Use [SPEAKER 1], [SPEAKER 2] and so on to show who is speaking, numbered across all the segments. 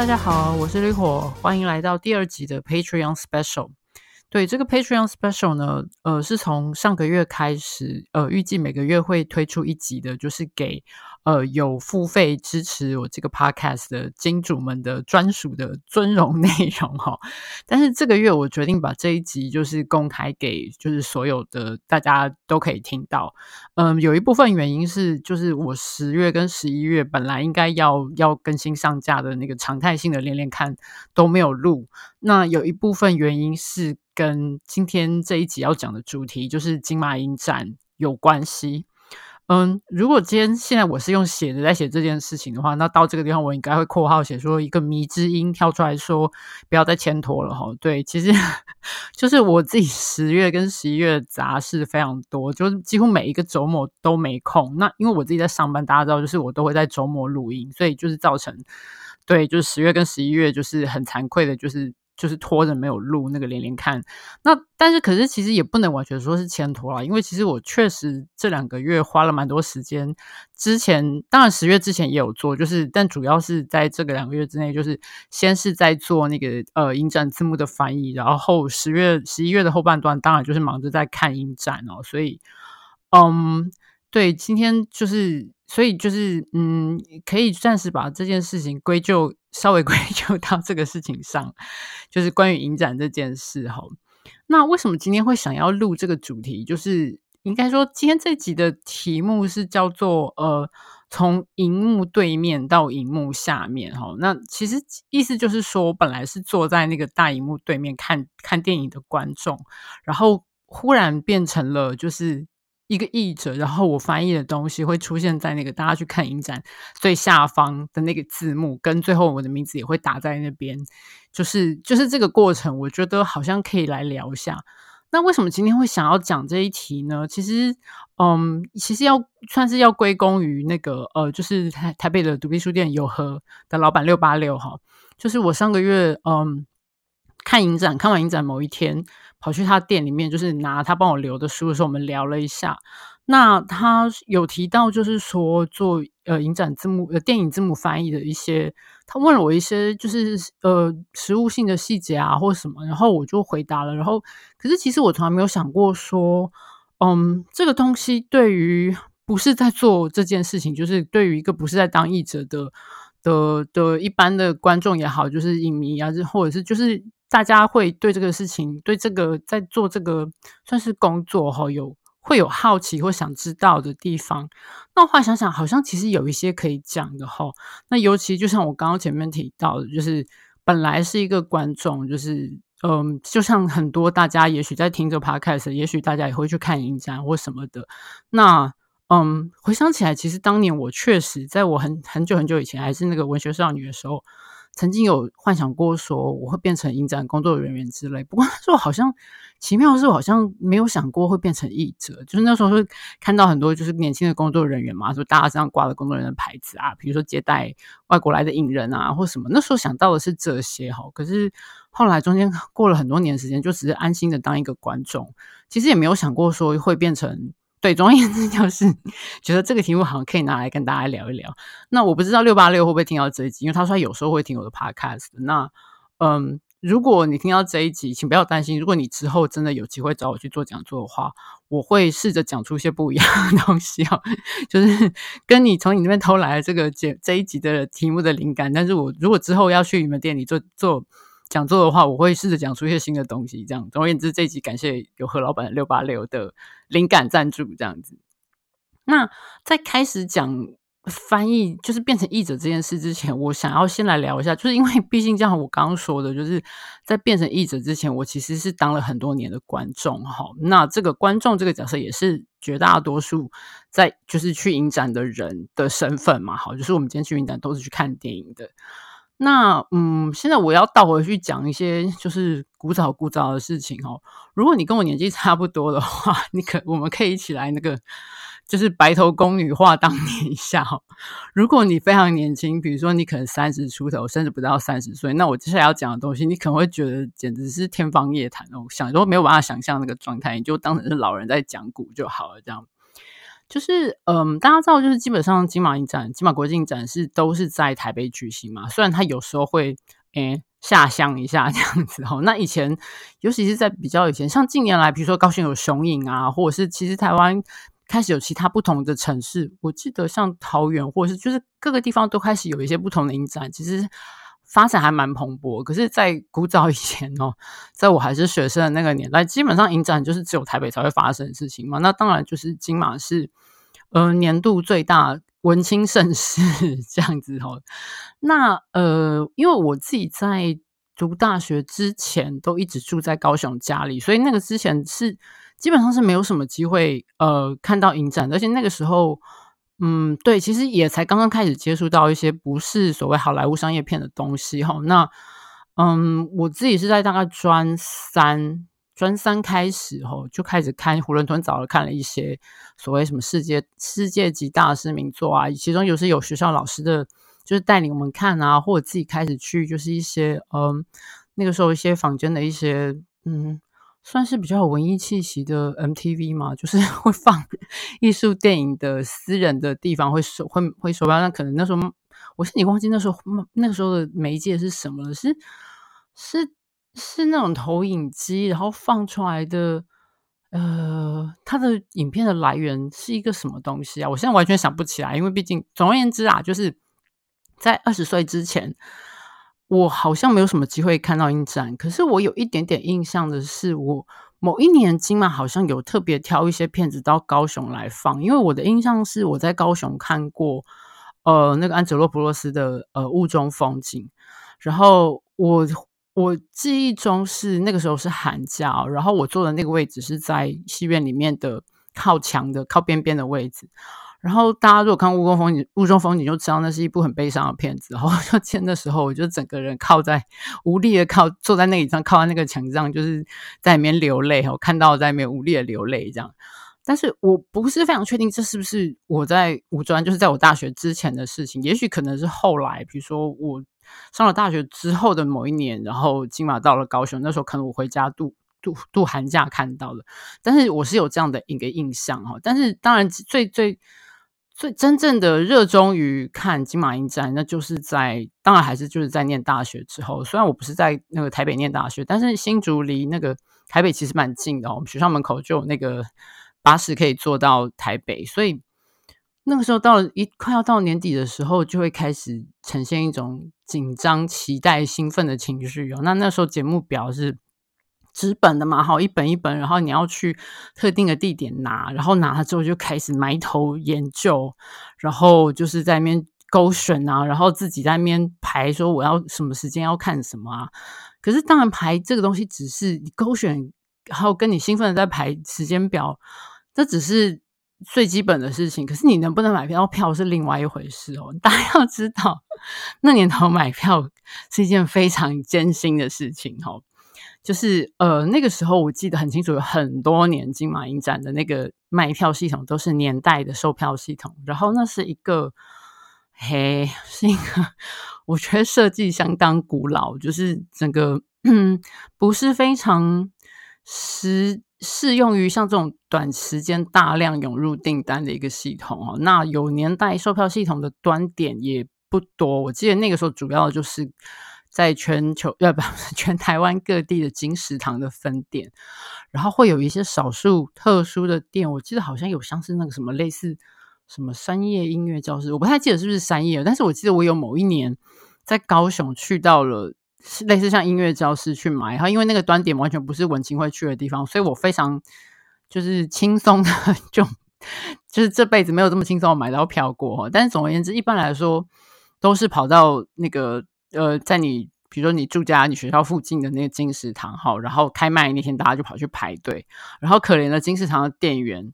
[SPEAKER 1] 大家好，我是綠火，歡迎來到第二集的 Patreon Special。對，這個 Patreon Special 呢，呃，是從上個月開始，呃，預計每個月會推出一集的，就是給。呃，有付費支持我這個 podcast 的金主們的專屬的尊榮內容哦，但是這個月我決定把這一集就是公開給就是所有的大家都可以聽到。嗯，有一部分原因是就是我十月跟十一月本來應該要要更新上架的那個常態性的連連看，都沒有錄。那有一部分原因是跟今天這一集要講的主題就是金馬影展有關係。嗯，如果今天現在我是用寫的在寫這件事情的話，那到這個地方我應該會括號寫說一個謎之音跳出來說，不要再牽拖了齁。對，其實就是我自己十月跟十一月雜事非常多，就是幾乎每一個週末都沒空。那因為我自己在上班，大家知道，就是我都會在週末錄音，所以就是造成對，就是十月跟十一月就是很慚愧的，就是。就是拖着沒有錄那個連連看，那但是可是其實也不能完全說是前拖了，因為其實我確實這兩個月花了蠻多時間。之前當然十月之前也有做，就是但主要是在這個兩個月之內，就是先是在做那個呃影展字幕的翻譯，然後十月十一月的後半段，當然就是忙着在看影展哦，所以嗯。對，今天就是，所以就是，嗯，可以暫時把這件事情歸咎，稍微歸咎到這個事情上，就是關於影展這件事哈。那為什麼今天會想要錄這個主題？就是應該說，今天這集的題目是叫做“呃，從銀幕對面到銀幕下面”哈。那其實意思就是說，我本來是坐在那個大銀幕對面看看電影的觀眾，然後忽然變成了就是。一個譯者，然後我翻譯的東西會出現在那個大家去看影展最下方的那個字幕，跟最後我的名字也會打在那邊，就是就是這個過程，我覺得好像可以來聊一下。那為什麼今天會想要講這一題呢？其實，嗯，其實要算是要歸功於那個呃，就是台台北的獨立書店有河的老板六八六哈，就是我上個月嗯。看影展，看完影展某一天跑去他店裡面，就是拿他幫我留的書的時候，我們聊了一下。那他有提到，就是說做呃影展字幕呃電影字幕翻譯的一些，他問了我一些就是呃實務性的細節啊或什麼，然後我就回答了。然後可是其實我從來沒有想過說，嗯，這個東西對於不是在做這件事情，就是對於一個不是在當譯者的的的一般的觀眾也好，就是影迷啊，或者是就是。大家會對這個事情，對這個在做這個算是工作哈、哦，有會有好奇或想知道的地方。那話想想，好像其實有一些可以講的吼、哦，那尤其就像我剛剛前面提到的，就是本來是一個觀眾，就是嗯，就像很多大家也許在聽着 podcast，也許大家也會去看影展或什麼的。那嗯，回想起來，其實當年我確實在我很很久很久以前，還是那個文學少女的時候，曾經有幻想過說我會變成影展工作人員之類，不過那時候好像奇妙的是我好像沒有想過會變成譯者，就是那時候是看到很多就是年輕的工作人員嘛，說大家這樣掛了工作人員的牌子啊，比如說接待外國來的影人啊或什麼，那時候想到的是這些哈，可是後來中間過了很多年時間，就只是安心的當一個觀眾，其實也沒有想過說會變成。對，總而言之就是覺得這個題目好像可以拿來跟大家聊一聊。那我不知道六八六會不會聽到這一集，因為他說他有時候會聽我的 podcast。那嗯，如果你聽到這一集，請不要擔心。如果你之後真的有機會找我去做講座的話，我會試着講出一些不一樣的東西啊，就是跟你從你那邊偷來這個節這一集的題目的靈感。但是我如果之後要去你們店裡做做。講座的話，我會試着講出一些新的東西。這樣，總而言之，這一集感謝有何老闆六八六的靈感贊助。這樣子，那在開始講翻譯，就是變成譯者這件事之前，我想要先來聊一下，就是因為畢竟，像我剛剛說的，就是在變成譯者之前，我其實是當了很多年的觀眾。好，那這個觀眾這個角色也是絕大多數在就是去影展的人的身份嘛。好，就是我們今天去影展都是去看電影的。那嗯，現在我要倒回去講一些就是古早古早的事情哦。如果你跟我年紀差不多的話，你可，我們可以一起來那個，就是白頭宮女話當年一下哦。如果你非常年輕，比如說你可能三十出頭，甚至不到三十歲，那我接下來要講的東西，你可能會覺得簡直是天方夜譚哦，想都沒有辦法想象那個狀態，你就當成是老人在講古就好了，這樣。就是，嗯、呃，大家知道，就是基本上金馬影展、金馬國際影展是都是在台北舉行嘛。雖然它有時候會，誒、欸、下鄉一下這樣子哦、喔。那以前，尤其是在比較以前，像近年來，比如說高雄有雄影啊，或者是其實台灣開始有其他不同的城市。我記得像桃園，或者是就是各個地方都開始有一些不同的影展。其實。發展還蠻蓬勃，可是，在古早以前哦，在我還是學生的那個年代，基本上影展就是只有台北才會發生的事情嘛。那當然就是金馬是，呃，年度最大文青盛事這樣子哦，那呃，因為我自己在讀大學之前都一直住在高雄家裡，所以那個之前是基本上是沒有什麼機會呃看到影展。而且那個時候。嗯，對，其實也才剛剛開始接觸到一些不是所謂好萊塢商業片的東西哈。那嗯，我自己是在大概專三、專三開始哈，就開始看《囫圇吞棗》了，看了一些所謂什麼世界世界級大師名作啊。其中有時有學校老師的，就是帶領我們看啊，或者自己開始去就是一些嗯，那個時候一些坊間的一些嗯。算是比較有文藝氣息的 MTV 嘛，就是會放藝術 電影的私人的地方會首會會說吧，那可能那時候，我現在忘記那時候那個時候的媒介是什麼了？是是是那種投影機，然後放出來的。呃，它的影片的來源是一個什麼東西啊？我現在完全想不起來，因為畢竟總而言之啊，就是在二十歲之前。我好像沒有什麼機會看到影展，可是我有一點點印象的是，我某一年金馬，好像有特別挑一些片子到高雄來放，因為我的印象是我在高雄看過，呃，那個安哲羅普洛斯的呃，《霧中風景》，然後我我記憶中是那個時候是寒假，然後我坐的那個位置是在戲院裡面的靠牆的靠邊邊的位置。然後大家如果看《霧中風景》，《霧中風景》就知道那是一部很悲傷的片子。然後就簽的時候，我就整個人靠在無力的靠坐在那一張靠在那個牆上，就是在裡面流淚。我看到在裡面無力的流淚這樣。但是我不是非常確定這是不是我在五專，就是在我大學之前的事情。也許可能是後來，比如說我上了大學之後的某一年，然後金馬到了高雄，那時候可能我回家度度度寒假看到的。但是我是有這樣的一個印象哈。但是當然最最。所以真正的熱衷於看金馬影展，那就是在當然還是就是在念大學之後。雖然我不是在那個台北念大學，但是新竹離那個台北其實蠻近的哦，我們學校門口就有那個巴士可以坐到台北。所以那個時候到了一快要到年底的時候，就會開始呈現一種緊張、期待、興奮的情緒哦。那那時候節目表是。紙本的嘛，好，一本一本，然後你要去特定的地點拿，然後拿了之後就開始埋頭研究，然後就是在那邊勾選啊，然後自己在那邊排說我要什麼時間要看什麼啊。可是當然排這個東西只是你勾選，還有跟你興奮的在排時間表，這只是最基本的事情。可是你能不能買票票是另外一回事哦。大家要知道，那年頭買票是一件非常艱辛的事情哦。就是呃，那個時候我記得很清楚，有很多年金馬影展的那個賣票系統都是年代的售票系統，然後那是一個，嘿，是一個我覺得設計相當古老，就是整個嗯不是非常適適用於像這種短時間大量湧入訂單的一個系統哦。那有年代售票系統的據點也不多，我記得那個時候主要就是。在全球呃不全台灣各地的金石堂的分店，然後會有一些少數特殊的店，我記得好像有像是那個什麼類似什麼山葉音樂教室，我不太記得是不是山葉，但是我記得我有某一年在高雄去到了類似像音樂教室去買，然後因為那個端點完全不是文青會去的地方，所以我非常就是輕鬆的就就是這輩子沒有這麼輕鬆買到票過，但是總而言之，一般來說都是跑到那個。呃，在你比如說你住家、你學校附近的那個金石堂，哈，然後開賣那天，大家就跑去排隊，然後可憐的金石堂的店員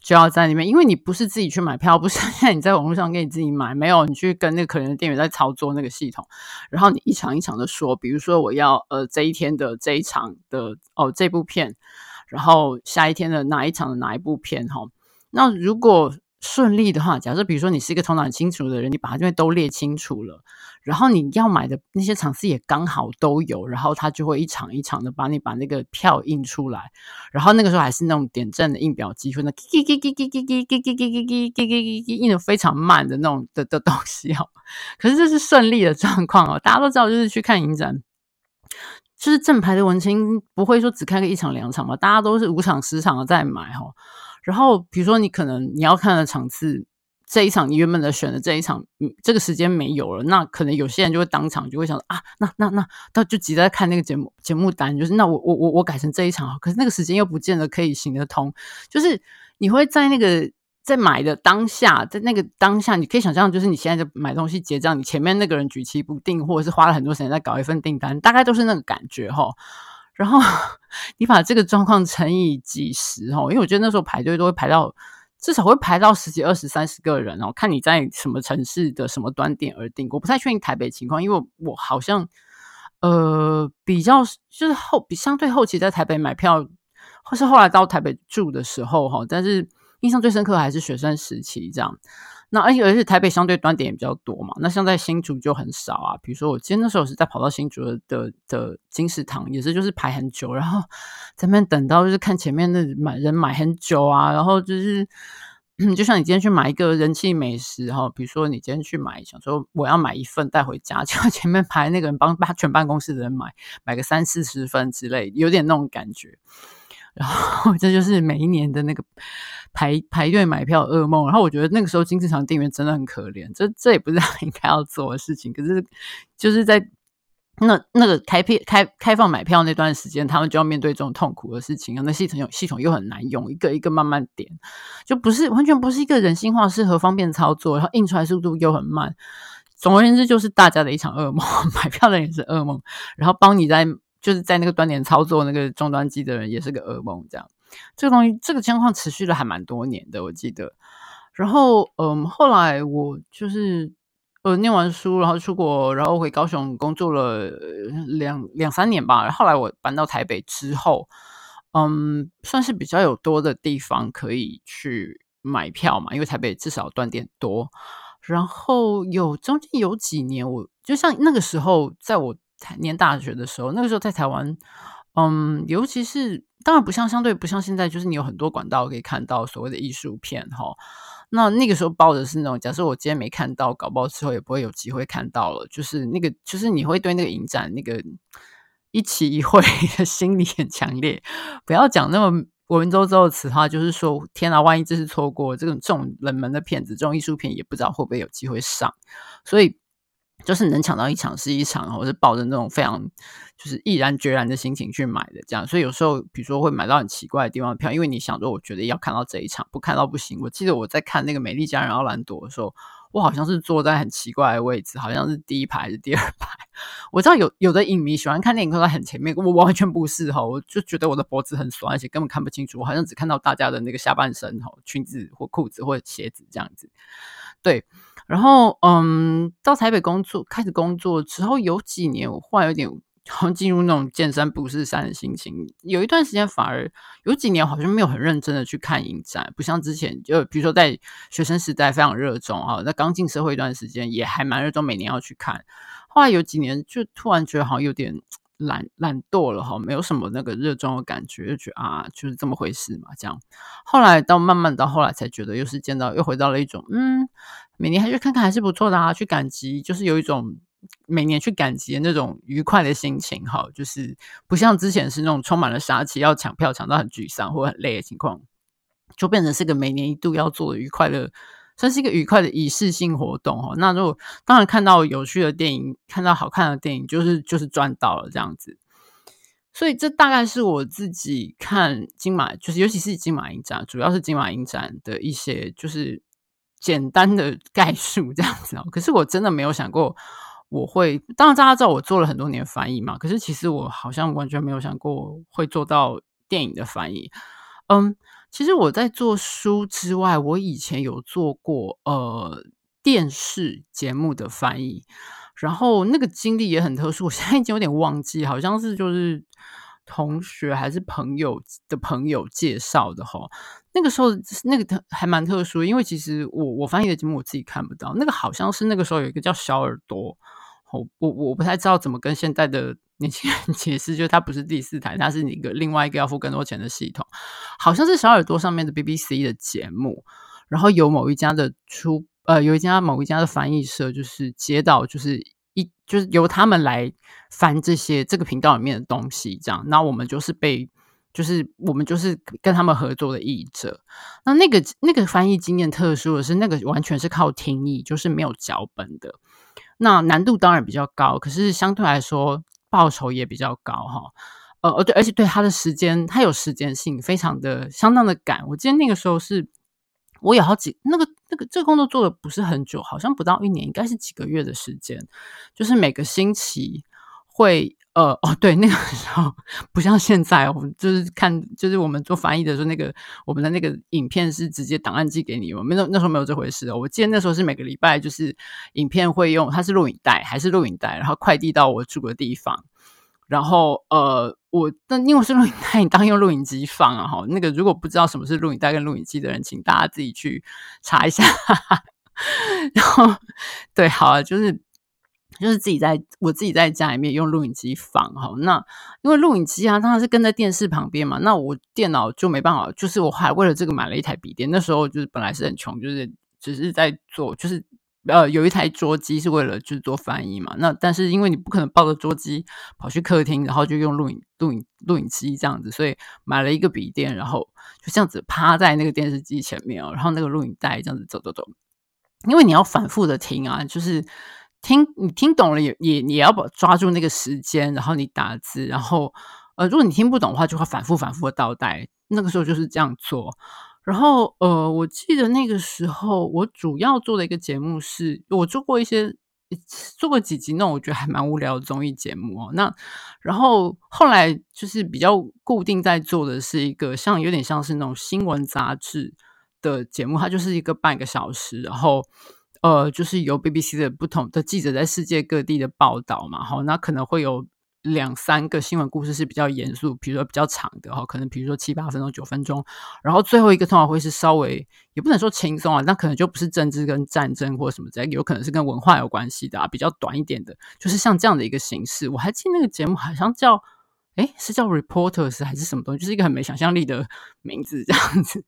[SPEAKER 1] 就要在裡面，因為你不是自己去買票，不是現在你在網絡上給你自己買，沒有，你去跟那個可憐的店員在操作那個系統，然後你一場一場的說，比如說我要呃這一天的這一場的哦這部片，然後下一天的哪一場的哪一部片，哈、哦，那如果順利的話，假設比如說你是一個頭腦清楚的人，你把它就都列清楚了。然後你要買的那些場次也剛好都有，然後他就會一場一場的把你把那個票印出來，然後那個時候還是那種點陣的印表機，印的，嘰嘰嘰嘰嘰嘰嘰嘰嘰嘰嘰嘰嘰，印的非常慢的那種的的，的東西哦。可是這是順利的狀況哦，大家都知道，就是去看影展，就是正牌的文青不會說只看個一場兩場嘛，大家都是五場十場的在買哈、哦。然後比如說你可能你要看的場次。這一場你原本的選的這一場，這個時間沒有了，那可能有些人就會當場就會想啊，那那那，他就急著在看那個節目節目單，就是那我我我我改成這一場，可是那個時間又不見得可以行得通，就是你會在那個在買的當下，在那個當下，你可以想象，就是你現在就買東西結賬，你前面那個人舉棋不定，或者是花了很多時間在搞一份訂單，大概都是那個感覺哈。然後 你把這個狀況乘以幾十哈，因為我覺得那時候排隊都會排到。至少會排到十幾、二十、三十個人哦，看你在什麼城市的什麼端點而定。我不太確定台北情況，因為我好像，呃，比較就是後比相對後期在台北買票，或是後來到台北住的時候哈、哦，但是印象最深刻還是學生時期這樣。那而且而台北相對端點也比較多嘛，那像在新竹就很少啊。比如說我今天那時候是在跑到新竹的的,的金石堂，也是就是排很久，然後在那邊等到就是看前面那買人買很久啊，然後就是就像你今天去買一個人氣美食哈，比如說你今天去買想說我要買一份帶回家，就前面排那個人幫把全辦公室的人買買個三四十份之類，有點那種感覺。然後這就是每一年的那個。排排隊買票噩夢，然後我覺得那個時候金石堂店員真的很可憐，這這也不是他應該要做的事情。可是就是在那那個開闢開開放買票那段時間，他們就要面對這種痛苦的事情。然後那系統有系統又很難用，一個一個慢慢點，就不是完全不是一個人性化、適合方便操作，然後印出來速度又很慢。總而言之，就是大家的一場噩夢，買票的人也是噩夢，然後幫你在就是在那個端點操作那個終端機的人也是個噩夢，這樣。這個東西，這個情況持續了還蠻多年的，我記得。然後，嗯，後來我就是，呃，念完書，然後出國，然後回高雄工作了、呃、兩兩三年吧。後來我搬到台北之後，嗯，算是比較有多的地方可以去買票嘛，因為台北至少斷電多。然後有中間有幾年我，我就像那個時候，在我念大學的時候，那個時候在台灣。嗯，尤其是當然不像，相對不像現在，就是你有很多管道可以看到所謂的藝術片哈。那那個時候報的是那種，假設我今天沒看到，搞不好之後也不會有機會看到了。就是那個，就是你會對那個影展那個一期一會的心理很強烈。不要講那麼文縐縐的詞話，就是說天啊，萬一這次錯過這種這種冷門的片子，這種藝術片也不知道會不會有機會上，所以。就是能搶到一場是一場，我是抱着那種非常就是毅然決然的心情去買的，這樣。所以有時候，比如說會買到很奇怪的地方票，因為你想說，我覺得要看到這一場，不看到不行。我記得我在看那個《美麗佳人歐蘭朵》的時候，我好像是坐在很奇怪的位置，好像是第一排還是第二排。我知道有有的影迷喜歡看電影坐在很前面，我完全不是哈，我就覺得我的脖子很酸，而且根本看不清楚，我好像只看到大家的那個下半身，裙子或褲子或鞋子這樣子。對。然後，嗯，到台北工作開始工作之後，有幾年我後來有點，好像進入那種見山不是山的心情。有一段時間，反而有幾年好像沒有很認真的去看影展，不像之前，就比如說在學生時代非常熱衷哈，在剛進社會一段時間也還蠻熱衷，每年要去看。後來有幾年就突然覺得好像有點。懶懶惰了哈，沒有什麼那個熱衷的感覺，就覺得啊，就是這麼回事嘛，這樣。後來到慢慢到後來才覺得，又是見到，又回到了一種，嗯，每年還去看看還是不錯的啊，去趕集，就是有一種每年去趕集的那種愉快的心情哈，就是不像之前是那種充滿了殺氣，要搶票搶到很沮喪或很累的情況，就變成是個每年一度要做的愉快的。算是一個愉快的儀式性活動哦。那如果當然看到有趣的電影，看到好看的電影，就是就是賺到了這樣子。所以這大概是我自己看金馬，就是尤其是金馬影展，主要是金馬影展的一些就是簡單的概述這樣子哦。可是我真的沒有想過我會，當然大家知道我做了很多年翻譯嘛。可是其實我好像完全沒有想過會做到電影的翻譯，嗯。其實我在做書之外，我以前有做過呃電視節目的翻譯，然後那個經歷也很特殊，我現在已經有點忘記，好像是就是同學還是朋友的朋友介紹的吼，那個時候那個還蠻特殊，因為其實我我翻譯的節目我自己看不到，那個好像是那個時候有一個叫小耳朵。我我我不太知道怎麼跟現在的年輕人解釋，就是它不是第四台，它是一個另外一個要付更多錢的系統。好像是小耳朵上面的 BBC 的節目，然後有某一家的出，呃，有一家某一家的翻譯社，就是接到就是一就是由他們來翻這些這個頻道裡面的東西，這樣。那我們就是被就是我們就是跟他們合作的譯者。那那個那個翻譯經驗特殊的是，那個完全是靠聽譯，就是沒有腳本的。那難度當然比較高，可是相對來說報酬也比較高哈、哦。呃，而對，而且對他的時間，他有時間性，非常的、相當的趕。我記得那個時候是，我有好幾那個、那個這個工作做得不是很久，好像不到一年，應該是幾個月的時間，就是每個星期。會呃哦，對，那個時候不像現在我們就是看，就是我們做翻譯的時候那個我們的那個影片是直接檔案寄給你，我沒那，那時候沒有這回事哦。我記得那時候是每個禮拜就是影片會用，它是錄影帶還是錄影帶，然後快遞到我住的地方，然後呃，我那，因為是錄影帶你當用錄影機放啊哈那個如果不知道什麼是錄影帶跟錄影機的人請大家自己去查一下哈哈，然後對好啊就是。就是自己在我自己在家裡面用錄影機放哈，那因為錄影機它它是跟在電視旁邊嘛，那我電腦就沒辦法，就是我還為了這個買了一台筆電。那時候就是本來是很窮，就是只是、就是在做，就是呃有一台桌機是為了就是做翻譯嘛。那但是因為你不可能抱着桌機跑去客廳，然後就用錄影錄影錄影機這樣子，所以買了一個筆電，然後就這樣子趴在那個電視機前面哦、喔，然後那個錄影帶這樣子走走走，因為你要反覆的聽啊，就是。聽你聽懂了也也也要把抓住那個時間，然後你打字，然後呃，如果你聽不懂的話，就會反復反復的倒帶。那個時候就是這樣做，然後呃，我記得那個時候我主要做的一個節目是，我做過一些做過幾集那種我覺得還蠻無聊的綜藝節目，哦。那然後後來就是比較固定在做的是一個像有點像是那種新聞雜誌的節目，它就是一個半個小時，然後。呃，就是由 BBC 的不同的記者在世界各地的報道嘛，哈，那可能會有兩三個新聞故事是比較嚴肅，比如說比較長的哈，可能比如說七八分鐘、九分鐘，然後最後一個通常會是稍微也不能說輕鬆啊，那可能就不是政治跟戰爭或什麼之類，有可能是跟文化有關係的，啊，比較短一點的，就是像這樣的一個形式。我還記得那個節目好像叫，誒、欸，是叫 Reporters 還是什麼東西，就是一個很沒想象力的名字這樣子。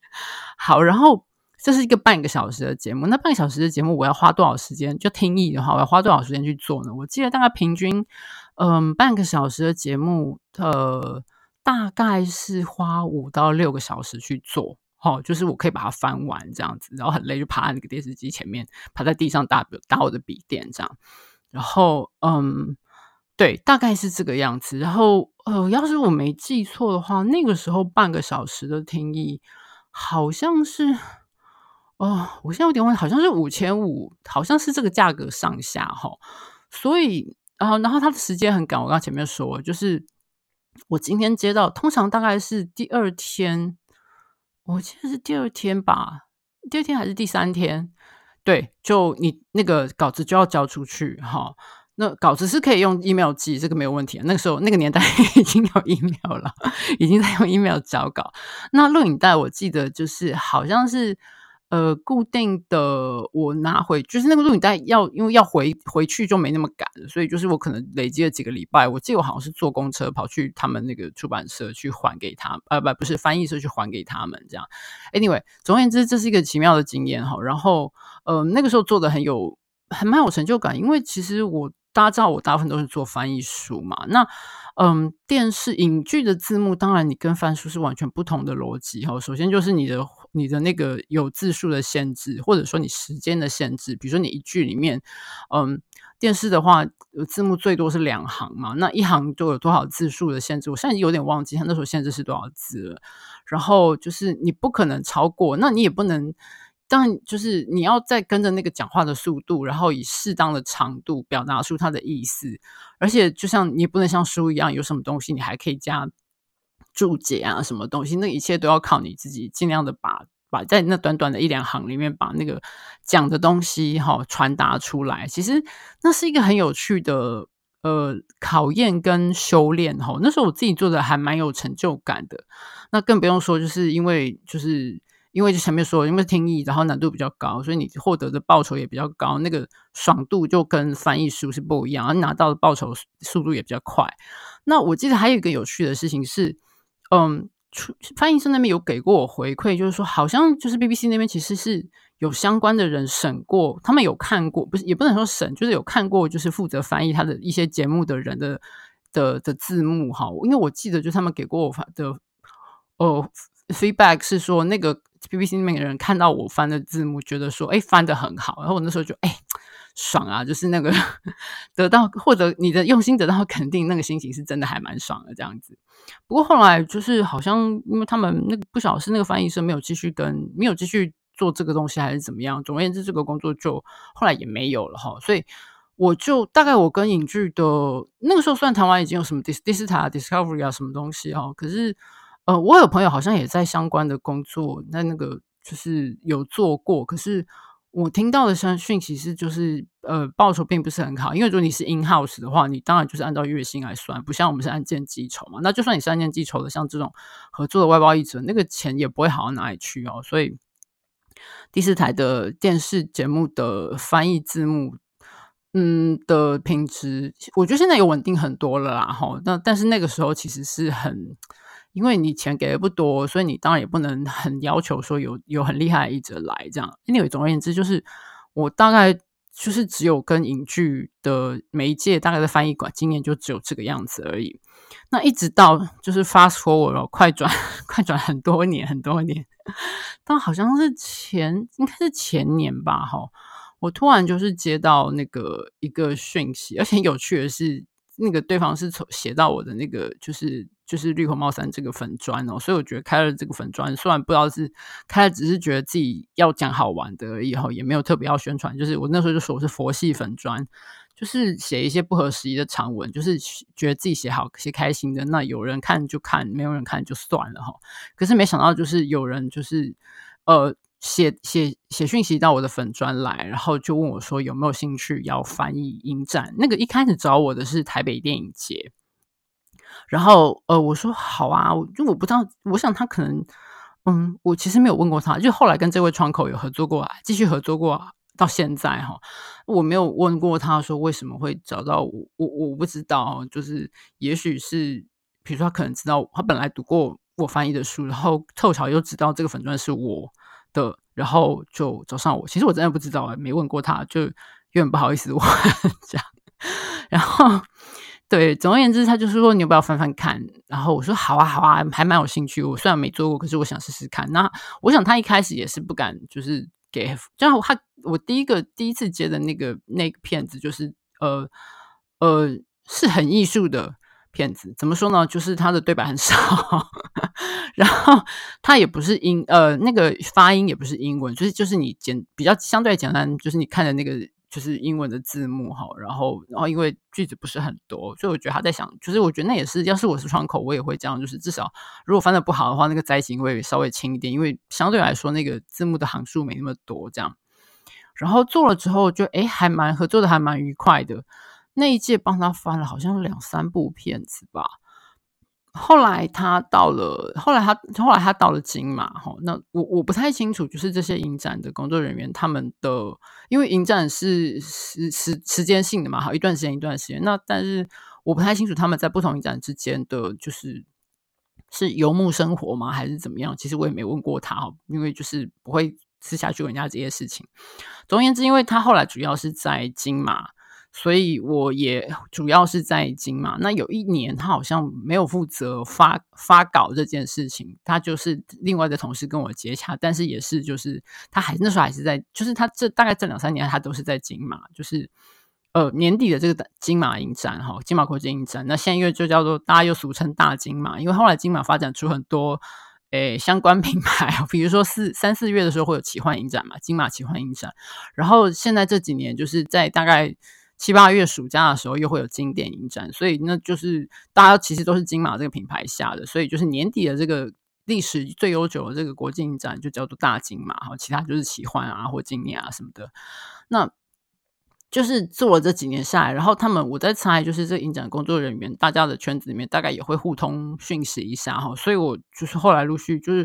[SPEAKER 1] 好，然後。這是一個半個小時的節目，那半個小時的節目，我要花多少時間？就聽譯的話，我要花多少時間去做呢？我記得大概平均，嗯，半個小時的節目，呃，大概是花五到六個小時去做。哦，就是我可以把它翻完這樣子，然後很累，就趴那個電視機前面，趴在地上打打我的筆電這樣。然後，嗯，對，大概是這個樣子。然後，呃，要是我沒記錯的話，那個時候半個小時的聽譯，好像是。哦，我現在有點問，好像是五千五，好像是這個價格上下哈。所以，然、啊、後，然後他的時間很趕。我剛前面說，就是我今天接到，通常大概是第二天，我記得是第二天吧，第二天還是第三天？對，就你那個稿子就要交出去哈。那稿子是可以用 email 寄，這個沒有問題。那個時候，那個年代 已經有 email 了，已經在用 email 交稿。那錄影帶，我記得就是好像是。呃，固定的我拿回就是那個錄影帶要，要因為要回回去就沒那麼趕，所以就是我可能累積了幾個禮拜。我記得我好像是坐公車跑去他們那個出版社去還給他們，呃，不不是翻譯社去還給他們這樣。Anyway，總而言之，這是一個奇妙的經驗哈。然後呃，那個時候做的很有，很蠻有成就感，因為其實我大家知道我大部分都是做翻譯書嘛。那嗯、呃，電視影劇的字幕，當然你跟翻譯書是完全不同的邏輯哈。首先就是你的。你的那個有字數的限制，或者說你時間的限制，比如說你一句裡面，嗯，電視的話，字幕最多是兩行嘛，那一行就有多少字數的限制，我現在有點忘記他那時候限制是多少字了。然後就是你不可能超過，那你也不能，但就是你要再跟着那個講話的速度，然後以適當的長度表達出它的意思。而且就像你也不能像書一樣，有什麼東西你還可以加。註解啊，什麼東西？那一切都要靠你自己，儘量的把把在那短短的一兩行裡面把那個講的東西哈、哦、傳達出來。其實那是一個很有趣的呃考驗跟修煉哦，那時候我自己做的還蠻有成就感的。那更不用說，就是因為就是因為就前面說因為聽譯，然後難度比較高，所以你獲得的報酬也比較高。那個爽度就跟翻譯書是不一樣，啊、拿到的報酬速度也比較快。那我記得還有一個有趣的事情是。嗯，出翻譯社那邊有給過我回饋，就是說好像就是 BBC 那邊其實是有相關的人審過，他們有看過，不是也不能說審，就是有看過，就是負責翻譯他的一些節目的人的的的字幕哈。因為我記得就是他們給過我的哦、呃、feedback 是說那個 BBC 那邊的人看到我翻的字幕，覺得說哎、欸、翻的很好，然後我那時候就哎。欸爽啊，就是那個 得到或者你的用心得到肯定，那個心情是真的還蠻爽的這樣子。不過後來就是好像因為他們那個不曉得是那個翻譯社沒有繼續跟，沒有繼續做這個東西，還是怎麼樣？總而言之，這個工作就後來也沒有了哈。所以我就大概我跟影劇的那個時候算談完，已經有什麼 dis Discovery 啊什麼東西哈。可是呃，我有朋友好像也在相關的工作，在那個就是有做過，可是。我聽到的聲訊其實就是，呃，報酬並不是很好，因為如果你是 in house 的話，你當然就是按照月薪來算，不像我們是按件計酬嘛。那就算你是按件計酬的，像這種合作的外包譯者，那個錢也不會好到哪裡去哦。所以第四台的電視節目的翻譯字幕，嗯，的品質，我覺得現在有穩定很多了啦。齁，那但是那個時候其實是很。因為你錢給的不多，所以你當然也不能很要求說有有很厲害的譯者來這樣。因為總而言之，就是我大概就是只有跟影劇的媒介，大概的翻譯館經驗就只有這個樣子而已。那一直到就是 Fast Forward 我快轉快轉很多年很多年，但好像是前應該是前年吧，哈，我突然就是接到那個一個訊息，而且有趣的是，那個對方是寫到我的那個就是。就是綠紅帽衫這個粉專哦，所以我覺得開了這個粉專，雖然不知道是開了，只是覺得自己要講好玩的而已，喔，也沒有特別要宣傳。就是我那時候就說我是佛系粉專，就是寫一些不合時宜的長文，就是覺得自己寫好寫開心的，那有人看就看，沒有人看就算了哈，喔。可是沒想到就是有人就是呃寫寫寫訊息到我的粉專來，然後就問我說有沒有興趣要翻譯影展？那個一開始找我的是台北電影節。然後，呃，我說好啊，因為我不知道，我想他可能，嗯，我其實沒有問過他，就後來跟這位窗口有合作過，繼續合作過到現在哈、哦，我沒有問過他說為什麼會找到我，我我不知道，就是也許是，比如說他可能知道，他本來讀過我翻譯的書，然後湊巧又知道這個粉專是我的，然後就找上我。其實我真的不知道啊，沒問過他，就有點不好意思我這樣然後。對，總而言之，他就是說，你要不要翻翻看？然後我說好啊，好啊，還蠻有興趣。我雖然沒做過，可是我想試試看。那我想他一開始也是不敢，就是給 F, 就他。這樣，我他我第一個第一次接的那個那個片子，就是呃呃是很藝術的片子。怎麼說呢？就是他的對白很少， 然後他也不是英呃那個發音也不是英文，就是就是你簡比較相對簡單，就是你看的那個。就是英文的字幕哈，然後，然後因為句子不是很多，所以我覺得他在想，就是我覺得那也是，要是我是窗口，我也會這樣，就是至少如果翻的不好的話，那個災情會稍微輕一點，因為相對來說那個字幕的行數沒那麼多，這樣。然後做了之後就，就誒，還蠻合作的，還蠻愉快的。那一屆幫他翻了好像兩三部片子吧。後來他到了，後來他後來他到了金馬哈，那我我不太清楚，就是這些影展的工作人員他們的，因為影展是時時時間性的嘛，好一段時間一段時間，那但是我不太清楚他們在不同影展之間的就是是游牧生活嗎，還是怎麼樣？其實我也沒問過他哈，因為就是不會私下去問人家這些事情。總而言之，因為他後來主要是在金馬。所以我也主要是在金馬，那有一年他好像沒有負責發發稿這件事情，他就是另外的同事跟我接洽，但是也是就是他還那時候還是在，就是他這大概這兩三年他都是在金馬，就是呃年底的這個金馬影展哈，金馬國際影展，那現在又就叫做大家又俗稱大金馬，因為後來金馬發展出很多誒相關品牌，比如說四三四月的時候會有奇幻影展嘛，金馬奇幻影展，然後現在這幾年就是在大概。七八月暑假的時候，又會有經典影展，所以那就是大家其實都是金馬這個品牌下的，所以就是年底的這個歷史最悠久的這個國際影展，就叫做大金馬，哈，其他就是奇幻啊或經典啊什麼的，那。就是做了這幾年下來，然後他們我在猜，就是這影展工作人員，大家的圈子裡面大概也會互通訊息一下哈、哦。所以，我就是後來陸續就是，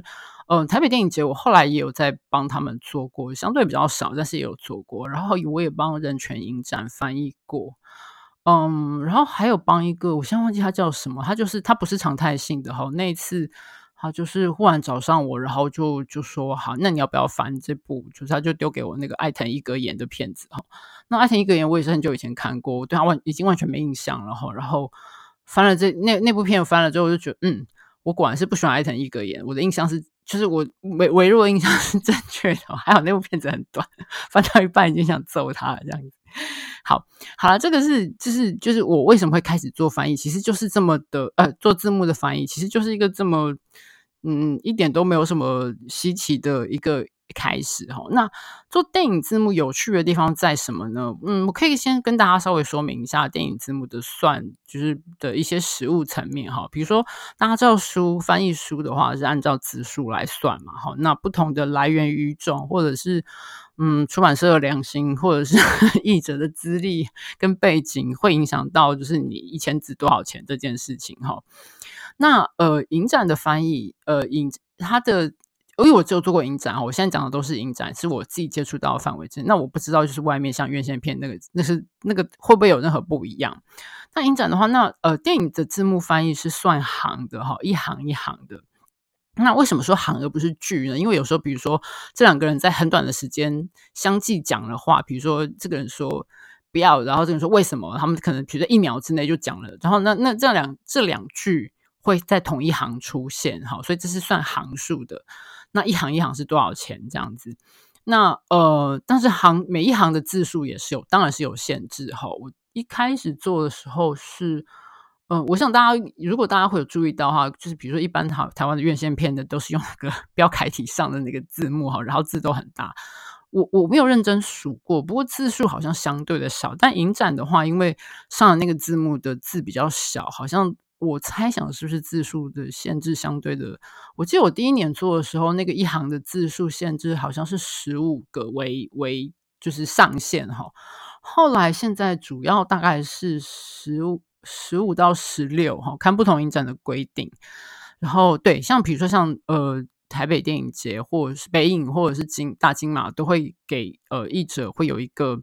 [SPEAKER 1] 嗯、呃，台北電影節，我後來也有在幫他們做過，相對比較少，但是也有做過。然後，我也幫人權影展翻譯過，嗯，然後還有幫一個，我現在忘記他叫什麼，他就是他不是常態性的哈、哦，那一次。他、啊、就是忽然找上我，然後就就說：“好，那你要不要翻這部？”就是他就丟給我那個艾騰伊格言的片子哈、哦。那艾騰伊格言我也是很久以前看過，對啊、我對他完已經完全沒印象了。然後然後翻了這那那部片翻了之後，我就覺得嗯，我果然是不喜歡艾騰伊格言。我的印象是，就是我唯微，微弱的印象是正確的。還好那部片子很短，翻到一半已經想揍他了這樣子。好好了，這個是就是就是我為什麼會開始做翻譯，其實就是這麼的呃，做字幕的翻譯其實就是一個這麼。嗯，一點都沒有什麼稀奇的一個開始哈。那做電影字幕有趣的地方在什麼呢？嗯，我可以先跟大家稍微說明一下電影字幕的算，就是的一些實務層面哈。比如說，大家知道書翻譯書的話是按照字數來算嘛，哈。那不同的來源語種，或者是嗯出版社的良心，或者是譯者的資歷跟背景，會影響到就是你一千字多少錢這件事情哈。那呃，影展的翻譯，呃，影他的，因為我只有做過影展，我現在講的都是影展，是我自己接觸到的範圍之內。那我不知道，就是外面像院線片那個，那是那個會不會有任何不一樣？那影展的話，那呃，電影的字幕翻譯是算行的哈，一行一行的。那為什麼說行而不是句呢？因為有時候，比如說這兩個人在很短的時間相繼講了話，比如說這個人說不要，然後這個人說為什麼？他們可能覺得一秒之內就講了，然後那那這兩這兩句。會在同一行出現哈，所以這是算行數的。那一行一行是多少錢這樣子？那呃，但是行每一行的字數也是有，當然是有限制哈。我一開始做的時候是，嗯、呃，我想大家如果大家會有注意到哈，就是比如說一般好台灣的院線片的都是用那個標楷體上的那個字幕哈，然後字都很大。我我沒有認真數過，不過字數好像相對的少。但影展的話，因為上的那個字幕的字比較小，好像，我猜想是不是字數的限制相對的？我記得我第一年做的時候，那個一行的字數限制好像是十五個為為就是上限哈。後來現在主要大概是十五十五、到十六哈，看不同影展的規定。然後對，像比如說像呃台北電影節，或者是北影，或者是金大金馬，都會給呃譯者會有一個，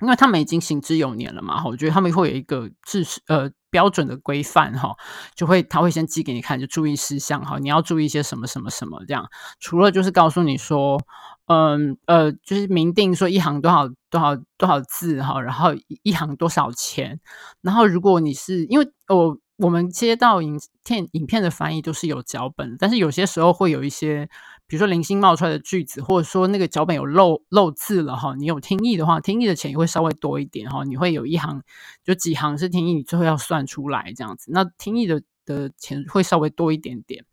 [SPEAKER 1] 因為他們已經行之有年了嘛，我覺得他們會有一個字呃。標準的規範哈，就會他會先寄給你看，就注意事項哈，你要注意一些什麼什麼什麼這樣。除了就是告訴你說，嗯呃，就是明定說一行多少多少多少字哈，然後一,一行多少錢，然後如果你是因為、呃、我。我們接到影片、影片的翻譯都是有腳本，但是有些時候會有一些，比如說零星冒出來的句子，或者說那個腳本有漏漏字了哈。你有聽譯的話，聽譯的錢也會稍微多一點哈。你會有一行，就幾行是聽譯，你最後要算出來這樣子。那聽譯的的錢會稍微多一點點。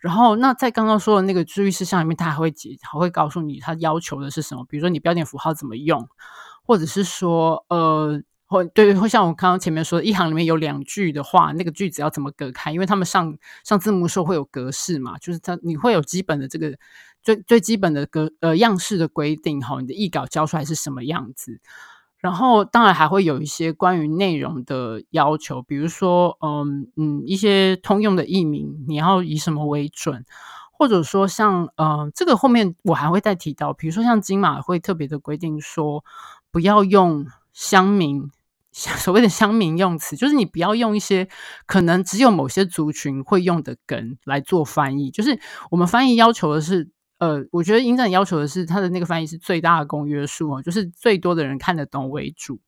[SPEAKER 1] 然後，那在剛剛說的那個注意事項裡面，他還會講，還會告訴你他要求的是什麼，比如說你標點符號怎麼用，或者是說，呃。或對，會像我剛剛前面說的，一行裡面有兩句的話，那個句子要怎麼隔開？因為他們上上字幕說會有格式嘛，就是它你會有基本的這個最最基本的格呃樣式的規定齁，你的譯稿交出來是什麼樣子？然後當然還會有一些關於內容的要求，比如說嗯嗯一些通用的譯名，你要以什麼為準？或者說像嗯這個後面我還會再提到，比如說像金馬會特別的規定說不要用鄉名。所謂的鄉民用詞，就是你不要用一些可能只有某些族群會用的梗來做翻譯。就是我們翻譯要求的是，呃，我覺得影展要求的是他的那個翻譯是最大的公約數哦，就是最多的人看得懂為主。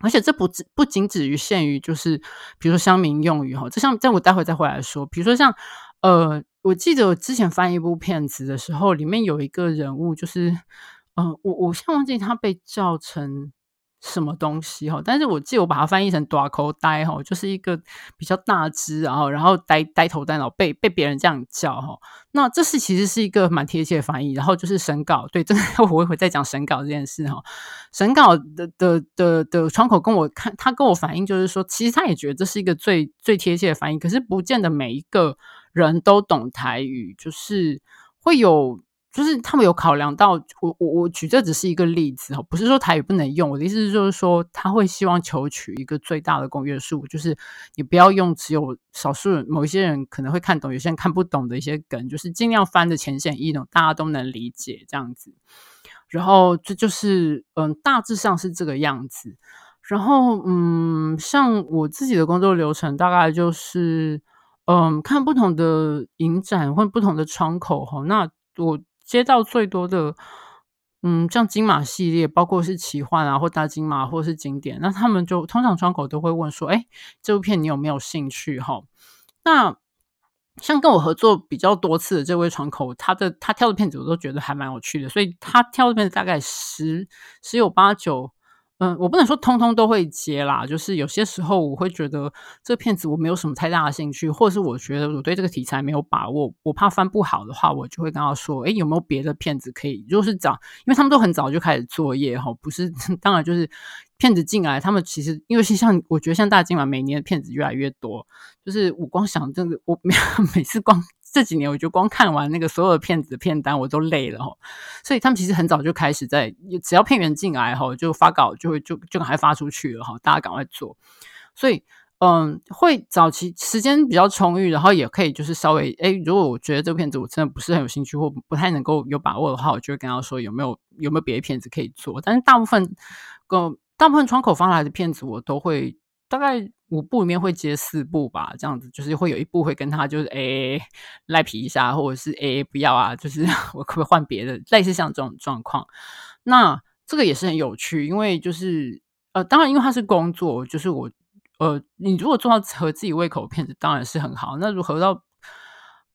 [SPEAKER 1] 而且這不只不僅止於限於，就是比如說鄉民用語哈，這像在我待會再回來說。比如說像，呃，我記得我之前翻譯一部片子的時候，裡面有一個人物，就是嗯、呃，我我現在忘記他被叫成。什麼東西齁？但是我記得，我把它翻譯成“大箍呆”齁，就是一個比較大隻，然後然後呆呆頭呆腦被被別人這樣叫齁。那這是其實是一個蠻貼切的翻譯。然後就是審稿，對，真的我一會再講審稿這件事齁。審稿的的的的窗口跟我看，他跟我反映就是說，其實他也覺得這是一個最最貼切的翻譯。可是不見得每一個人都懂台語，就是會有。就是他們有考量到我，我我舉這隻是一個例子，不是說台語不能用。我的意思是，就是說他會希望求取一個最大的公約數，就是你不要用只有少數人、某一些人可能會看懂，有些人看不懂的一些梗，就是盡量翻的淺顯易懂，大家都能理解這樣子。然後這就是嗯，大致上是這個樣子。然後嗯，像我自己的工作流程，大概就是嗯，看不同的影展或者不同的窗口哈，那我。接到最多的，嗯，像金馬系列，包括是奇幻啊，或大金馬，或是經典，那他們就通常窗口都會問說：“哎、欸，這部片你有沒有興趣？”齁，那像跟我合作比較多次的這位窗口，他的他挑的片子我都覺得還蠻有趣的，所以他挑的片子大概十十有八九。嗯，我不能說通通都會接啦，就是有些時候我會覺得這個片子我沒有什麼太大的興趣，或者是我覺得我對這個題材沒有把握，我怕翻不好的話，我就會跟他說：“誒，有沒有別的片子可以？就是找，因為他們都很早就開始作業，吼，不是，當然就是。”片子進來，他們其實因為像我覺得像大金馬每年的片子越來越多。就是我光想，真的，我每每次光這幾年，我就光看完那個所有的片子的片單，我都累了哈。所以他們其實很早就開始在，只要片源進來哈，就發稿就會就就趕快發出去了哈，大家趕快做。所以嗯，會早期時間比較充裕，然後也可以就是稍微誒、欸、如果我覺得這個片子我真的不是很有興趣，或不太能夠有把握的話，我就會跟他說有沒有有沒有別的片子可以做。但是大部分夠。大部分窗口發來的片子，我都會大概五部裡面會接四部吧，這樣子就是會有一部會跟他就是誒賴皮一下，或者是誒不要啊，就是我可不可以換別的，類似像這種狀況。那這個也是很有趣，因為就是呃，當然因為他是工作，就是我呃，你如果做到合自己胃口的片子當然是很好，那如何到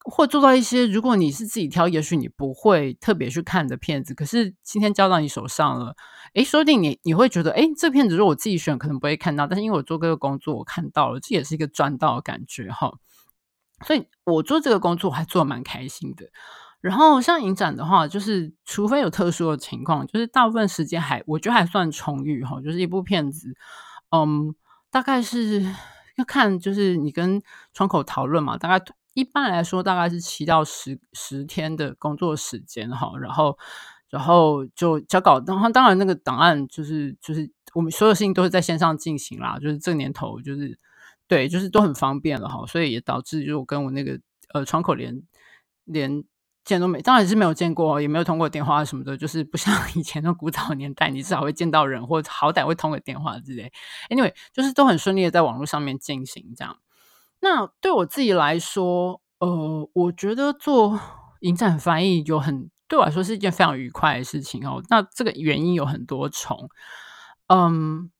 [SPEAKER 1] 或做到一些如果你是自己挑，也許你不會特別去看的片子，可是今天交到你手上了。誒，說不定你你會覺得誒，這片子如果我自己選，可能不會看到，但是因為我做這個工作，我看到了，這也是一個賺到的感覺哈。所以，我做這個工作，還做蠻開心的。然後，像影展的話，就是除非有特殊的情況，就是大部分時間還我覺得還算充裕哈。就是一部片子，嗯，大概是要看，就是你跟窗口討論嘛，大概一般來說大概是七到十十天的工作時間哈，然後。然後就交稿，然後當然那個檔案就是就是我們所有的事情都是在線上進行啦，就是這年頭就是，對，就是都很方便了哈，所以也導致就是我跟我那個呃窗口連連見都沒，當然是沒有見過，也沒有通過電話什麼的，就是不像以前的古早的年代，你至少會見到人，或者好歹會通個電話之類。Anyway，就是都很順利的在網絡上面進行這樣。那對我自己來說，呃，我覺得做影展翻譯有很。對我來說是一件非常愉快的事情哦。那這個原因有很多重，嗯，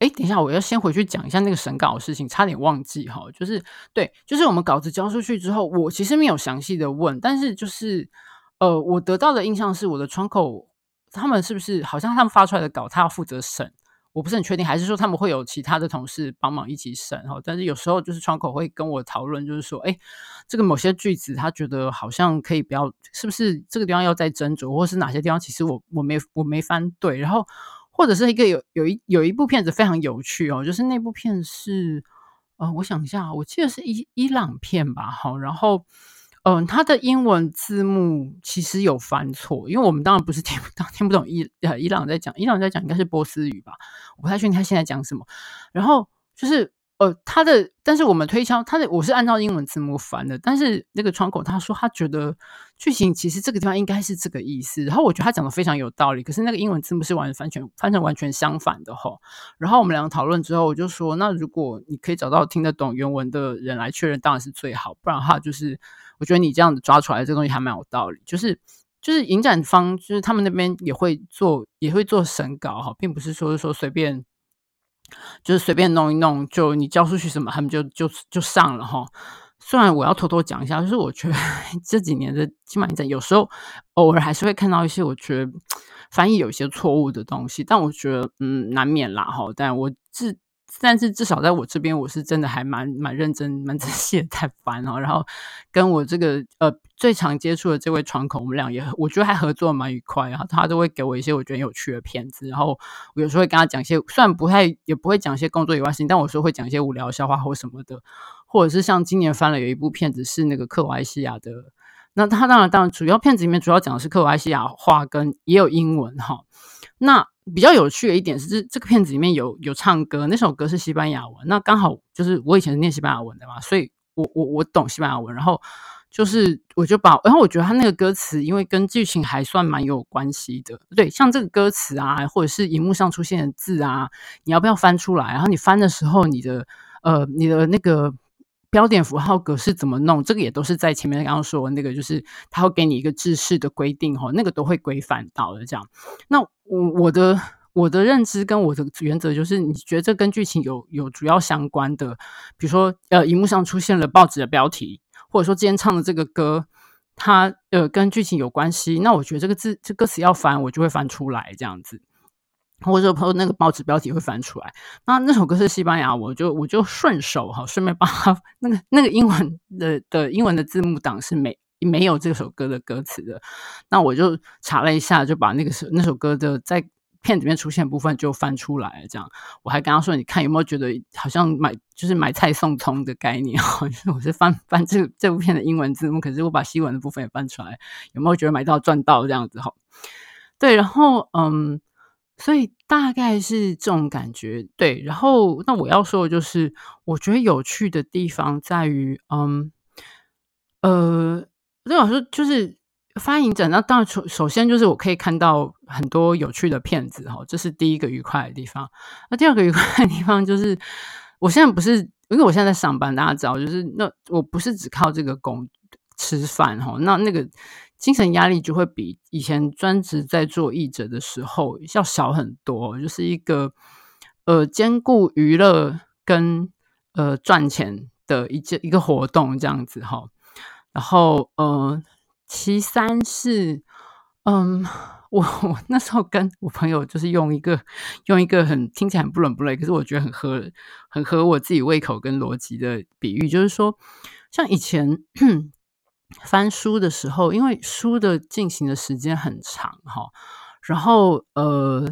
[SPEAKER 1] 誒，等一下，我要先回去講一下那個審稿的事情，差點忘記哈。就是對，就是我們稿子交出去之後，我其實沒有詳細的問，但是就是，呃，我得到的印象是，我的窗口他們是不是好像他們發出來的稿，他要負責審。我不是很確定，還是說他們會有其他的同事幫忙一起審哈？但是有時候就是窗口會跟我討論，就是說，哎，這個某些句子他覺得好像可以不要，是不是這個地方要再斟酌，或是哪些地方其實我我沒我沒翻對，然後或者是一個有有一有一部片子非常有趣哦，就是那部片是呃，我想一下，我記得是伊伊朗片吧，好，然後。嗯、呃，他的英文字幕其實有翻錯，因為我們當然不是聽不懂聽不懂伊、呃、伊朗在講，伊朗在講應該是波斯語吧。我不太確定他現在講什麼。然後就是呃，他的，但是我們推敲他的，我是按照英文字幕翻的，但是那個窗口他說他覺得劇情其實這個地方應該是這個意思。然後我覺得他講的非常有道理，可是那個英文字幕是完全翻成完全相反的吼。然後我們兩個討論之後，我就說，那如果你可以找到聽得懂原文的人來確認，當然是最好，不然的話就是。我覺得你這樣子抓出來的這東西還蠻有道理，就是就是影展方，就是他們那邊也會做，也會做審稿哈，並不是說是說隨便，就是隨便弄一弄就你交出去什麼，他們就就就上了哈。雖然我要偷偷講一下，就是我覺得這幾年的金馬影展有時候偶爾還是會看到一些我覺得翻譯有一些錯誤的東西，但我覺得嗯難免啦哈。但我自但是至少在我這邊，我是真的還蠻蠻認真蠻仔細在翻哦。然後跟我這個呃最常接觸的這位窗口，我們倆也我覺得還合作蠻愉快啊。他都會給我一些我覺得有趣的片子，然後我有時候會跟他講一些，雖然不太也不會講一些工作以外事情，但我是會講一些無聊的笑話或什麼的，或者是像今年翻了有一部片子是那個克羅埃西亞的。那他當然當然主要片子裡面主要講的是克羅埃西亞話，跟也有英文哈。那比較有趣的一點是，這這個片子裡面有有唱歌，那首歌是西班牙文。那剛好就是我以前是念西班牙文的嘛，所以我我我懂西班牙文。然後就是我就把，然後我覺得他那個歌詞，因為跟劇情還算蠻有關係的，對，像這個歌詞啊，或者是熒幕上出現的字啊，你要不要翻出來啊？然後你翻的時候，你的呃，你的那個。標點符號格式怎麼弄？這個也都是在前面剛剛說的那個，就是他會給你一個制式的規定哦，那個都會規範到的這樣。那我我的我的認知跟我的原則就是，你覺得這跟劇情有有主要相關的，比如說呃，熒幕上出現了報紙的標題，或者說今天唱的這個歌，它呃跟劇情有關係，那我覺得這個字這歌詞要翻，我就會翻出來這樣子。或者說朋友那個報紙標題會翻出來，那那首歌是西班牙，我就我就順手哈，順便把它那個那個英文的的英文的字幕檔是沒沒有這首歌的歌詞的，那我就查了一下，就把那個那首歌的在片裡面出現的部分就翻出來，這樣。我還跟他說，你看有沒有覺得好像買就是買菜送蔥的概念哈， 我是翻翻這這部片的英文字幕，可是我把西文的部分也翻出來，有沒有覺得買到賺到這樣子哈？對，然後嗯。所以大概是這種感覺，對。然後，那我要說的就是，我覺得有趣的地方在於，嗯，呃，那我想說就是，發言者那當然，首先就是我可以看到很多有趣的片子哈，這是第一個愉快的地方。那第二個愉快的地方就是，我現在不是，因為我現在在上班，大家知道，就是那我不是只靠這個工吃飯，那那個。精神壓力就會比以前專職在做譯者的時候要小很多，就是一個呃兼顧娛樂跟呃賺錢的一一一個活動這樣子哈。然後呃，其三是嗯、呃，我我那時候跟我朋友就是用一個用一個很聽起來很不倫不類，可是我覺得很合很合我自己胃口跟邏輯的比喻，就是說像以前。 翻書的時候，因為書的進行的時間很長哈，然後呃，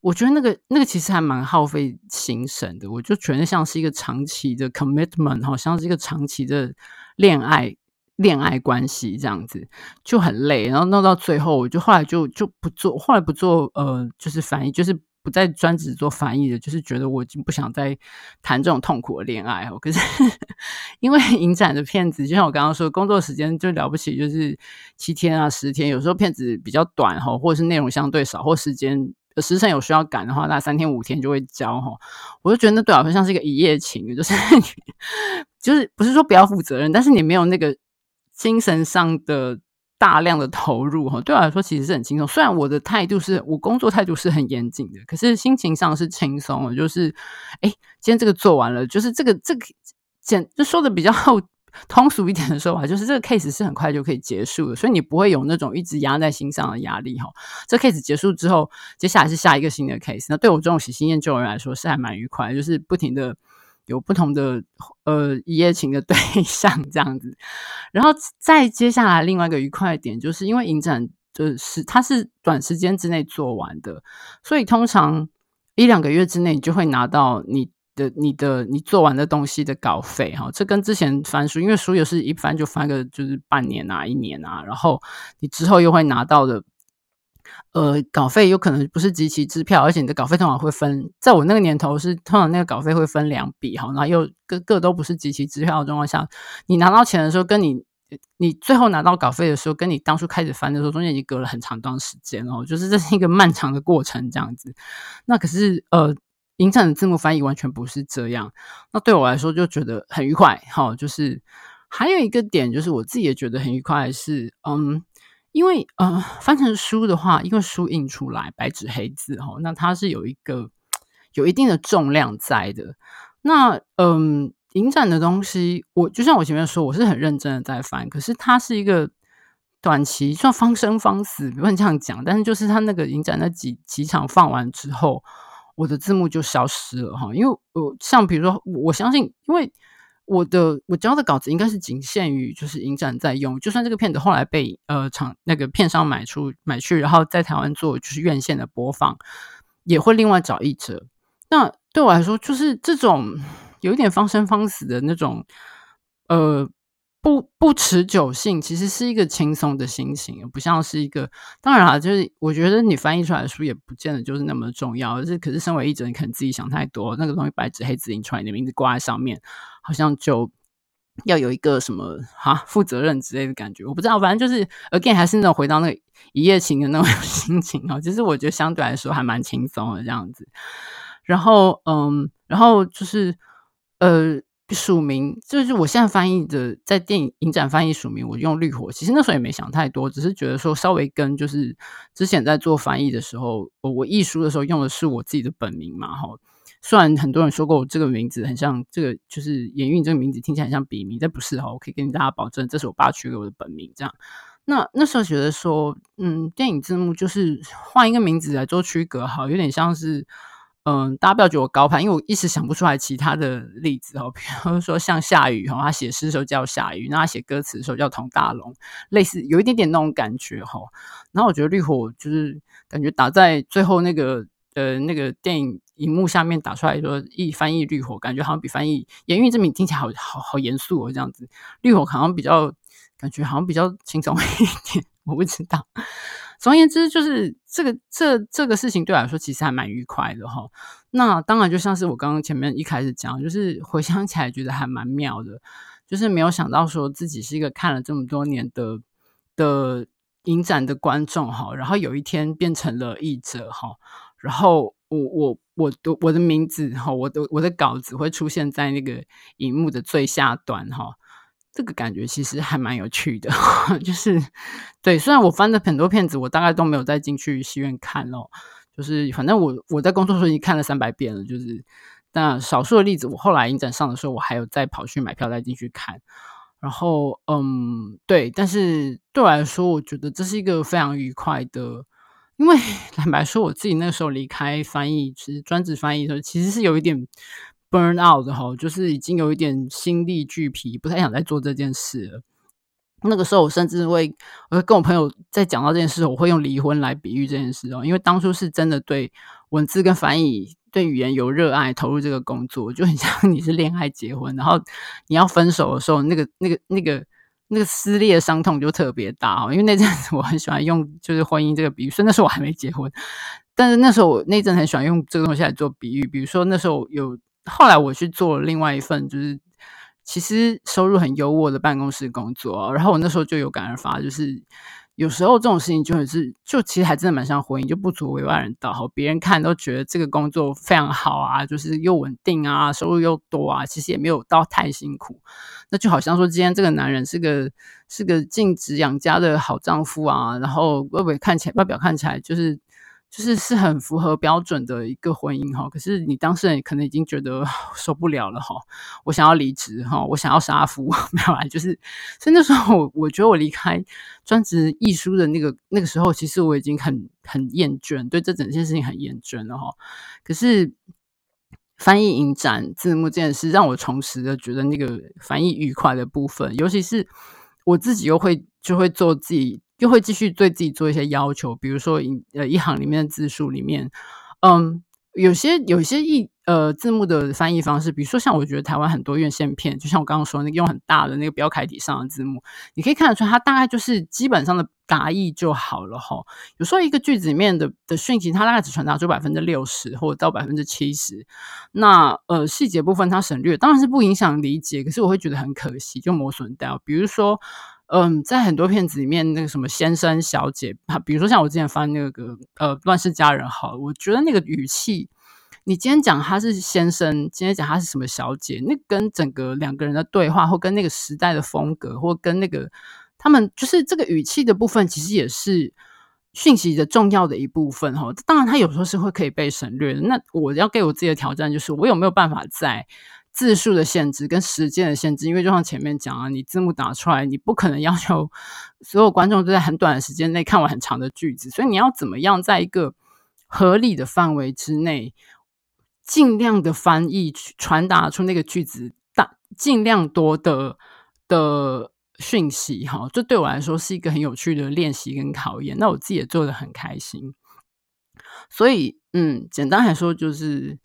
[SPEAKER 1] 我覺得那個那個其實還蠻耗費心神的，我就覺得像是一個長期的 commitment，好像是一個長期的戀愛戀愛關係這樣子，就很累，然後弄到最後，我就後來就就不做，後來不做，呃，就是翻譯，就是。不再專職做翻譯的，就是覺得我已經不想再談這種痛苦的戀愛哦。可是因為影展的片子，就像我剛剛說，工作時間就了不起，就是七天啊、十天，有時候片子比較短哈，或者是內容相對少，或時間、呃、時辰有需要趕的話，那三天五天就會交哈。我就覺得那對我好像是一個一夜情，就是呵呵就是不是說不要負責任，但是你沒有那個精神上的。大量的投入哈，對我來說其實是很輕鬆。雖然我的態度是我工作態度是很嚴謹的，可是心情上是輕鬆的。就是，哎，今天這個做完了，就是這個這個簡，就說的比較通俗一點的說法，就是這個 case 是很快就可以結束的，所以你不會有那種一直壓在心上的壓力哈。這 case 結束之後，接下來是下一個新的 case。那對我這種喜新厭舊的人來說，是還蠻愉快，就是不停的，有不同的呃一夜情的對象這樣子，然後再接下來另外一個愉快點，就是因為影展就是它是短時間之內做完的，所以通常一兩個月之內你就會拿到你的你的你做完的東西的稿費哈，這跟之前翻書，因為書也是一翻就翻個就是半年啊一年啊，然後你之後又會拿到的。呃，稿費有可能不是即期支票，而且你的稿費通常會分，在我那個年頭是通常那個稿費會分兩筆哈，然後又各個都不是即期支票的狀況下，你拿到錢的時候，跟你你最後拿到稿費的時候，跟你當初開始翻的時候，中間已經隔了很長一段時間哦，就是這是一個漫長的過程這樣子。那可是呃，影展的字幕翻譯完全不是這樣，那對我來說就覺得很愉快哈、哦。就是還有一個點，就是我自己也覺得很愉快是嗯。因為呃，翻成書的話，因為書印出來白紙黑字哈、哦，那它是有一個有一定的重量在的。那嗯，影展的東西，我就像我前面說，我是很認真的在翻。可是它是一個短期算方生方死，比如你這樣講。但是就是它那個影展那幾幾場放完之後，我的字幕就消失了哈、哦，因為我、呃、像比如說，我，我相信因為。我的我交的稿子，應該是僅限於就是影展在用，就算這個片子後來被呃廠那個片商買出買去，然後在台灣做就是院線的播放，也會另外找譯者。那對我來說，就是這種有一點方生方死的那種，呃。不不持久性，其實是一個輕鬆的心情，也不像是一個。當然啊就是我覺得你翻譯出來的書也不見得就是那麼重要。就是，可是身為譯者，你可能自己想太多，那個東西白紙黑字印出來，你的名字掛在上面，好像就要有一個什麼哈負責任之類的感覺。我不知道，反正就是 again 還是那種回到那一夜情的那種心情啊。其實我覺得相對來說還蠻輕鬆的這樣子。然後，嗯，然後就是，呃。署名就是我現在翻譯的，在電影影展翻譯署名，我用綠火。其實那時候也沒想太多，只是覺得說稍微跟就是之前在做翻譯的時候，我譯書的時候用的是我自己的本名嘛，哈。雖然很多人說過我這個名字很像，這個就是顏韻這個名字聽起來很像筆名，但不是哈。我可以跟大家保證，這是我爸取給我的本名，這樣。那那時候覺得說，嗯，電影字幕就是換一個名字來做區隔，好，有點像是。嗯、呃，大家不要覺得我高攀，因為我一時想不出來其他的例子哦，比如說像夏宇哈、哦，他寫詩的時候叫夏宇，那他寫歌詞的時候叫童大龍，類似有一點點那種感覺哈、哦。然後我覺得綠火就是感覺打在最後那個呃那個電影熒幕下面打出來說一翻譯綠火，感覺好像比翻譯嚴韻這名聽起來好好好嚴肅哦，這樣子綠火好像比較感覺好像比較輕鬆一點，我不知道。總而言之，就是這個這這個事情對我來說其實還蠻愉快的哈。那當然，就像是我剛剛前面一開始講，就是回想起來覺得還蠻妙的，就是沒有想到說自己是一個看了這麼多年的的影展的觀眾哈，然後有一天變成了譯者哈，然後我我我的我的名字哈，我的我的稿子會出現在那個熒幕的最下端哈。這個感覺其實還蠻有趣的，就是，對，雖然我翻的很多片子，我大概都沒有再進去戲院看咯，就是反正我我在工作時候已經看了三百遍了。就是但少數的例子，我後來影展上的時候，我還有再跑去買票再進去看。然後，嗯，對，但是對我來說，我覺得這是一個非常愉快的，因為坦白說，我自己那時候離開翻譯，其實專職翻譯的時候，其實是有一點。burn out 的齁，就是已經有一點心力俱疲，不太想再做這件事了。那個時候，我甚至會，我會跟我朋友在講到這件事，我會用離婚來比喻這件事哦，因為當初是真的對文字跟翻譯、對語言有熱愛，投入這個工作，就很像你是戀愛結婚，然後你要分手的時候，那個、那個、那個、那個撕裂的傷痛就特別大哦。因為那陣子我很喜歡用就是婚姻這個比喻，所以那時候我還沒結婚，但是那時候我那陣很喜歡用這個東西來做比喻，比如說那時候有。後來我去做了另外一份，就是其實收入很優渥的辦公室工作，然後我那時候就有感而發，就是有時候這種事情就很，是，就其實還真的蠻像婚姻，就不足為外人道。好，別人看都覺得這個工作非常好啊，就是又穩定啊，收入又多啊，其實也沒有到太辛苦。那就好像說，今天這個男人是個是個盡職養家的好丈夫啊，然後會不會看起來外表看起來就是。就是是很符合標準的一個婚姻哈，可是你當事人可能已經覺得受不了了哈，我想要離職哈，我想要殺夫呵呵，沒有啊，就是，所以那時候我，我覺得我離開專職譯書的那個那個時候，其實我已經很很厭倦，對這整件事情很厭倦了哈。可是翻譯影展字幕這件事，讓我重拾了覺得那個翻譯愉快的部分，尤其是我自己又會就會做自己。又會繼續對自己做一些要求，比如說一呃一行裡面的字數裡面，嗯，有些有些一呃字幕的翻譯方式，比如說像我覺得台灣很多院線片，就像我剛剛說那個用很大的那個標楷體上的字幕，你可以看得出它大概就是基本上的達意就好了吼。有時候一個句子裡面的的訊息，它大概只傳達出百分之六十，或者到百分之七十。那呃細節部分它省略，當然是不影響理解，可是我會覺得很可惜，就磨損掉。比如說。嗯，在很多片子裡面，那個什麼先生、小姐啊，比如說像我之前翻那個呃《亂世佳人》哈，我覺得那個語氣，你今天講他是先生，今天講他是什麼小姐，那跟整個兩個人的對話，或跟那個時代的風格，或跟那個他們，就是這個語氣的部分，其實也是訊息的重要的一部分哈。當然，他有時候是會可以被省略的。那我要給我自己的挑戰就是，我有沒有辦法在字數的限制跟時間的限制，因為就像前面講啊，你字幕打出來，你不可能要求所有觀眾都在很短的時間內看完很長的句子，所以你要怎麼樣在一個合理的範圍之內，盡量的翻譯傳達出那個句子大、大盡量多的的訊息。哈，這對我來說是一個很有趣的練習跟考驗。那我自己也做得很開心。所以，嗯，簡單來說就是，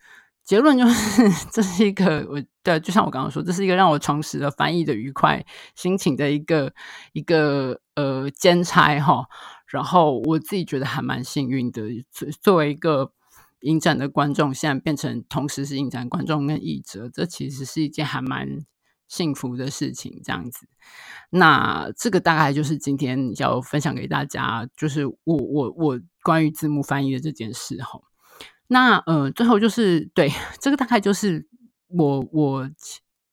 [SPEAKER 1] 結論就是，這是一個我對，就像我剛剛說，這是一個讓我重拾了翻譯的愉快心情的一個一個呃兼差，哈。然後我自己覺得還蠻幸運的，作作為一個影展的觀眾，現在變成同時是影展觀眾跟譯者，這其實是一件還蠻幸福的事情。這樣子。那這個大概就是今天要分享給大家，就是我我我關於字幕翻譯的這件事哈。吼那呃，最後就是對，這個大概就是我我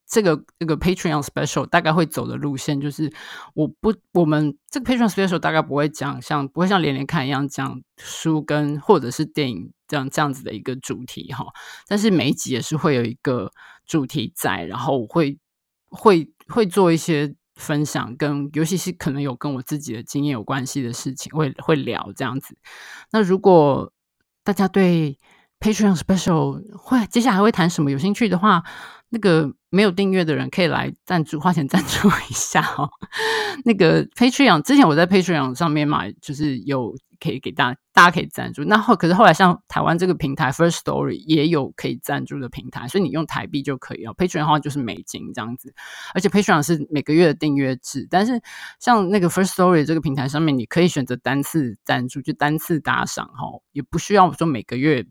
[SPEAKER 1] 這個這個 Patreon Special 大概會走的路線就是我，我不我們這個 Patreon Special 大概不會講像不會像連連看一樣講書跟或者是電影這樣這樣子的一個主題哈，但是每一集也是會有一個主題在，然後我會會會做一些分享跟，跟尤其是可能有跟我自己的經驗有關係的事情會會聊這樣子。那如果大家對 Patreon special 會，接下來會談什麼有興趣的話，那個。沒有訂閱的人可以來贊助，花錢贊助一下哦。 那個 Patreon，之前我在 Patreon 上面嘛，就是有可以給大家，大家可以贊助。那後可是後來像台灣這個平台 First Story 也有可以贊助的平台，所以你用台幣就可以哦，Patreon 的話就是美金這樣子，而且 Patreon 是每個月的訂閱制，但是像那個 First Story 這個平台上面，你可以選擇單次贊助，就單次打賞哦，也不需要說每個月。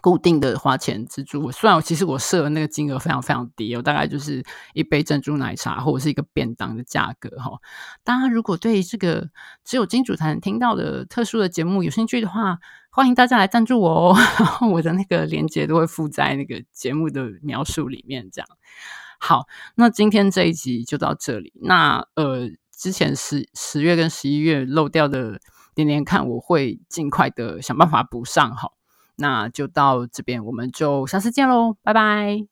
[SPEAKER 1] 固定的花錢支出，雖然我其實我設的那個金額非常非常低，哦，我大概就是一杯珍珠奶茶或者是一個便當的價格哈，哦。大家如果對這個只有金主才能聽到的特殊的節目有興趣的話，歡迎大家來贊助我哦。 然後我的那個鏈接都會附在那個節目的描述裡面，這樣。好，那今天這一集就到這裡。那呃，之前十十月跟十一月漏掉的連連看，我會盡快的想辦法補上，哦。哈。那就到這邊，我們就下次見嘍，拜拜。